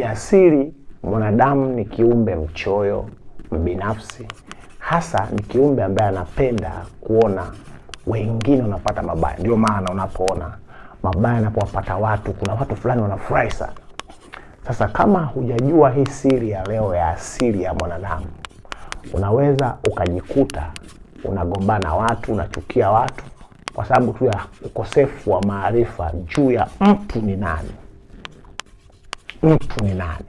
Kiasili mwanadamu ni kiumbe mchoyo, mbinafsi, hasa ni kiumbe ambaye anapenda kuona wengine wanapata mabaya. Ndio maana unapoona mabaya yanapowapata watu, kuna watu fulani wanafurahi sana. Sasa kama hujajua hii siri ya leo ya asili ya mwanadamu, unaweza ukajikuta unagombana watu, unachukia watu kwa sababu tu ya ukosefu wa maarifa juu ya mtu ni nani mtu ni nani?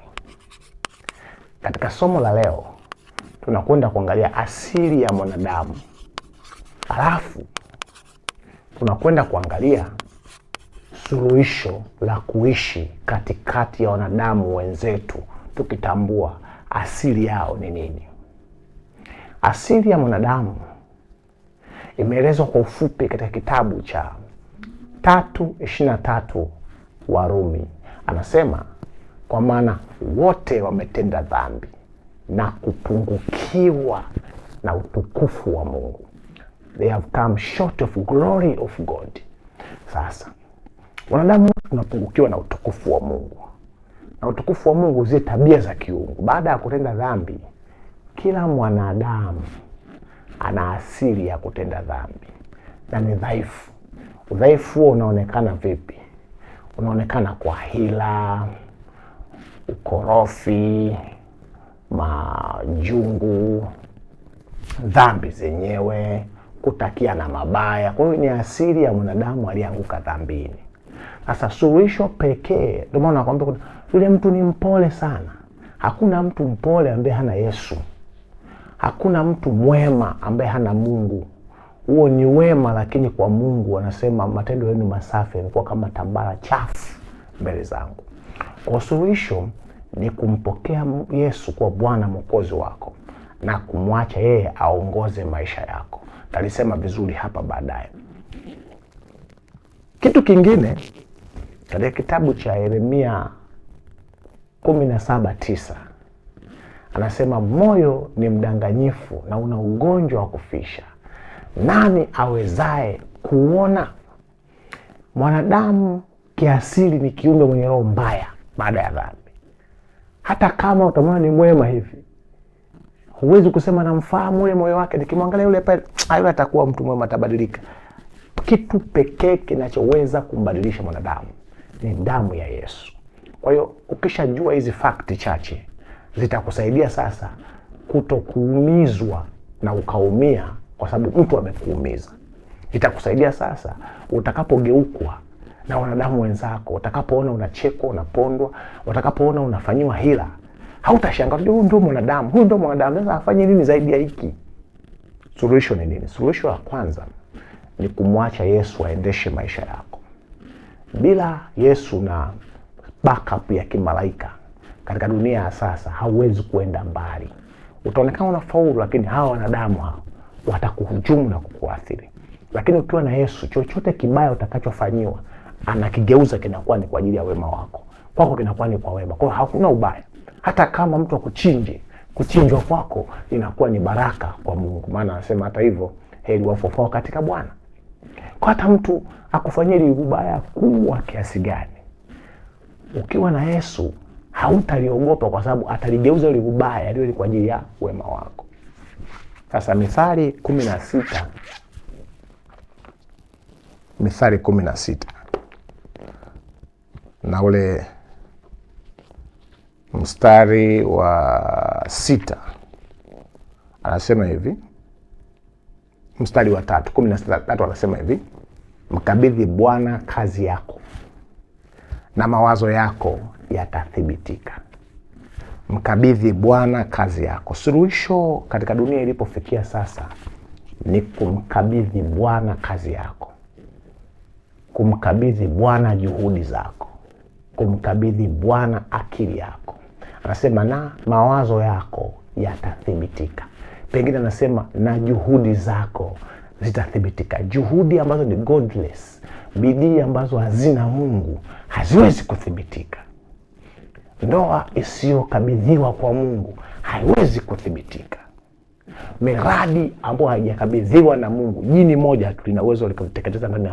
Katika somo la leo tunakwenda kuangalia asili ya mwanadamu, halafu tunakwenda kuangalia suluhisho la kuishi katikati ya wanadamu wenzetu, tukitambua asili yao ni nini. Asili ya mwanadamu imeelezwa kwa ufupi katika kitabu cha tatu ishirini na tatu Warumi, anasema kwa maana wote wametenda dhambi na kupungukiwa na utukufu wa Mungu. They have come short of glory of God. Sasa wanadamu tunapungukiwa na utukufu wa Mungu, na utukufu wa Mungu zile tabia za kiungu. Baada ya kutenda dhambi, kila mwanadamu ana asili ya kutenda dhambi na ni dhaifu. Udhaifu huo unaonekana vipi? Unaonekana kwa hila ukorofi, majungu, dhambi zenyewe, kutakia na mabaya. Kwa hiyo ni asili ya mwanadamu aliyeanguka dhambini. Sasa suluhisho pekee, ndio maana nakwambia yule mtu ni mpole sana. Hakuna mtu mpole ambaye hana Yesu. Hakuna mtu mwema ambaye hana Mungu. Huo ni wema, lakini kwa Mungu wanasema matendo yenu masafi yamekuwa kama tambara chafu mbele zangu kwa suluhisho ni kumpokea Yesu kwa Bwana Mwokozi wako na kumwacha yeye aongoze maisha yako. Talisema vizuri hapa baadaye. Kitu kingine katika kitabu cha Yeremia 17:9 anasema, moyo ni mdanganyifu na una ugonjwa wa kufisha, nani awezaye kuona? Mwanadamu kiasili ni kiumbe mwenye roho mbaya baada ya dhambi. Hata kama utamwona ni mwema hivi, huwezi kusema namfahamu ule moyo wake, nikimwangalia yule pale, ah, yule atakuwa mtu mwema, atabadilika. Kitu pekee kinachoweza kumbadilisha mwanadamu ni damu ya Yesu. Kwa hiyo ukishajua hizi fakti chache zitakusaidia sasa kutokuumizwa na ukaumia kwa sababu mtu amekuumiza. Itakusaidia sasa utakapogeukwa na wanadamu wenzako. Utakapoona unachekwa, unapondwa, utakapoona unafanyiwa hila, hautashangaa. Huyu ndio mwanadamu, huyu ndio mwanadamu. Sasa afanye nini zaidi ya hiki? Suluhisho ni nini? Suluhisho la kwanza ni kumwacha Yesu aendeshe maisha yako. Bila Yesu na backup ya kimalaika katika dunia ya sasa, hauwezi kuenda mbali. Utaonekana una faulu, lakini hawa wanadamu hao watakuhujumu na kukuathiri. Lakini ukiwa na Yesu, chochote kibaya utakachofanyiwa anakigeuza kinakuwa ni kwa ajili ya wema wako, kwako kinakuwa ni kwa wema. Kwa hiyo hakuna ubaya, hata kama mtu akuchinje, kuchinjwa kwako inakuwa ni baraka kwa Mungu, maana anasema hata hivyo, heri wafofao katika Bwana. Kwa hata mtu akufanyia ubaya kubwa kiasi gani, ukiwa na Yesu hautaliogopa kwa sababu ataligeuza ile ubaya ile kwa ajili ya wema wako. Sasa Mithali kumi na sita Mithali kumi na sita na ule mstari wa sita anasema hivi, mstari wa tatu kumi na tatu anasema hivi, mkabidhi Bwana kazi yako na mawazo yako yatathibitika. Mkabidhi Bwana kazi yako. Suluhisho katika dunia ilipofikia sasa ni kumkabidhi Bwana kazi yako, kumkabidhi Bwana juhudi zako kumkabidhi Bwana akili yako. Anasema na mawazo yako yatathibitika. Pengine anasema na juhudi zako zitathibitika. Juhudi ambazo ni godless, bidii ambazo hazina Mungu haziwezi kuthibitika. Ndoa isiyokabidhiwa kwa Mungu haiwezi kuthibitika. Miradi ambayo haijakabidhiwa na Mungu, jini moja tu lina uwezo likateketeza ndani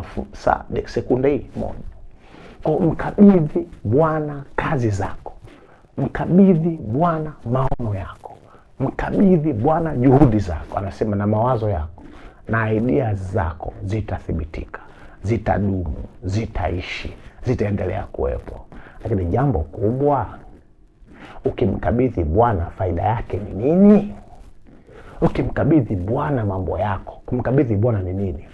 ya sekunde hii moja. Kwa mkabidhi Bwana kazi zako, mkabidhi Bwana maono yako, mkabidhi Bwana juhudi zako. Anasema na mawazo yako na idea zako zitathibitika, zitadumu, zitaishi, zitaendelea kuwepo. Lakini jambo kubwa, ukimkabidhi Bwana faida yake ni nini? Ukimkabidhi Bwana mambo yako, kumkabidhi Bwana ni nini?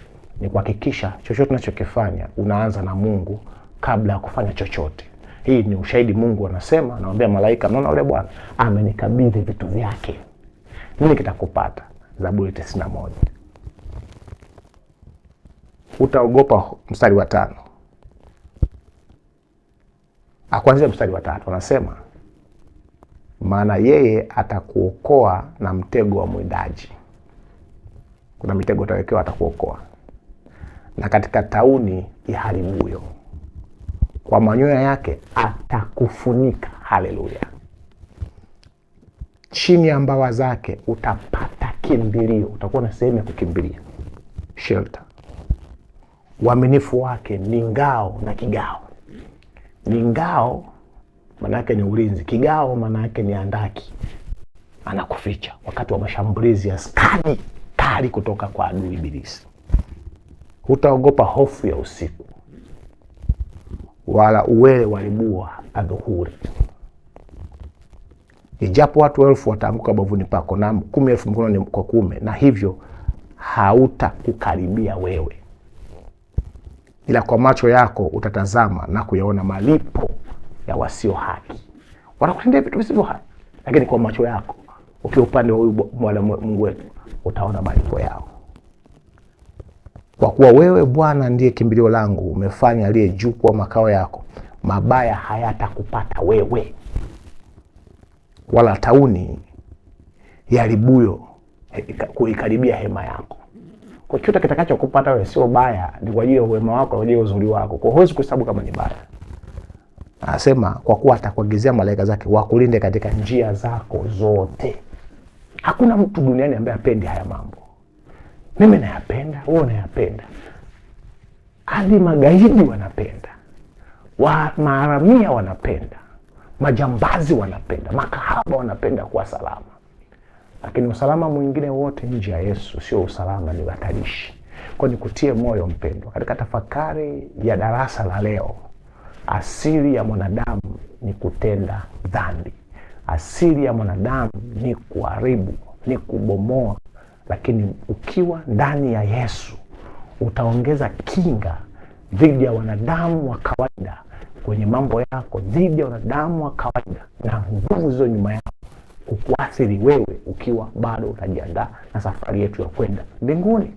Ni kuhakikisha chochote unachokifanya unaanza na Mungu kabla ya kufanya chochote. Hii ni ushahidi. Mungu anasema, anamwambia malaika, naona yule bwana amenikabidhi vitu vyake. Nini kitakupata? Zaburi 91. Utaogopa mstari wa tano, akuanzia ah, mstari wa tatu, anasema maana yeye atakuokoa na mtego wa mwindaji. Kuna mitego utawekewa, atakuokoa na katika tauni iharibuyo kwa manyoya yake atakufunika. Haleluya! chini ya mbawa zake utapata kimbilio, utakuwa na sehemu ya kukimbilia, shelter. Uaminifu wake ni ngao na kigao. Ni ngao maana yake ni ulinzi, kigao maana yake ni andaki, anakuficha wakati wa mashambulizi ya skadi kali kutoka kwa adui Ibilisi. Hutaogopa hofu ya usiku wala uwele walibua adhuhuri. Ijapo watu elfu wataanguka bavuni pako na kumi elfu mkononi kwa kuume, na hivyo hautakukaribia wewe, ila kwa macho yako utatazama na kuyaona malipo ya wasio haki. Wanakutendea vitu visivyo haki, lakini kwa macho yako ukiwa upande wa huyu Mungu wetu utaona malipo yao. Kwa kuwa wewe Bwana ndiye kimbilio langu, umefanya aliye juu kuwa makao yako, mabaya hayatakupata wewe, wala tauni yaribuyo kuikaribia hema yako. Kwa chote kitakacho kupata wewe sio baya, ni kwa ajili ya wema wako, kwa ajili ya uzuri wako, kwa huwezi kuhesabu kama ni baya. Anasema kwa kuwa atakuagizia malaika zake wakulinde katika njia zako zote. Hakuna mtu duniani ambaye apendi haya mambo. Mimi nayapenda, huo nayapenda hadi magaidi wanapenda, wa maharamia wanapenda, majambazi wanapenda, makahaba wanapenda kuwa salama, lakini usalama mwingine wote nje ya Yesu sio usalama, ni hatarishi. Kwa nikutie moyo mpendwa, katika tafakari ya darasa la leo, asili ya mwanadamu ni kutenda dhambi. Asili ya mwanadamu ni kuharibu, ni kubomoa, lakini ukiwa ndani ya Yesu utaongeza kinga dhidi ya wanadamu wa kawaida kwenye mambo yako, dhidi ya wanadamu wa kawaida na nguvu zilizo nyuma yako kukuathiri wewe, ukiwa bado unajiandaa na safari yetu ya kwenda mbinguni.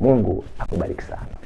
Mungu akubariki sana.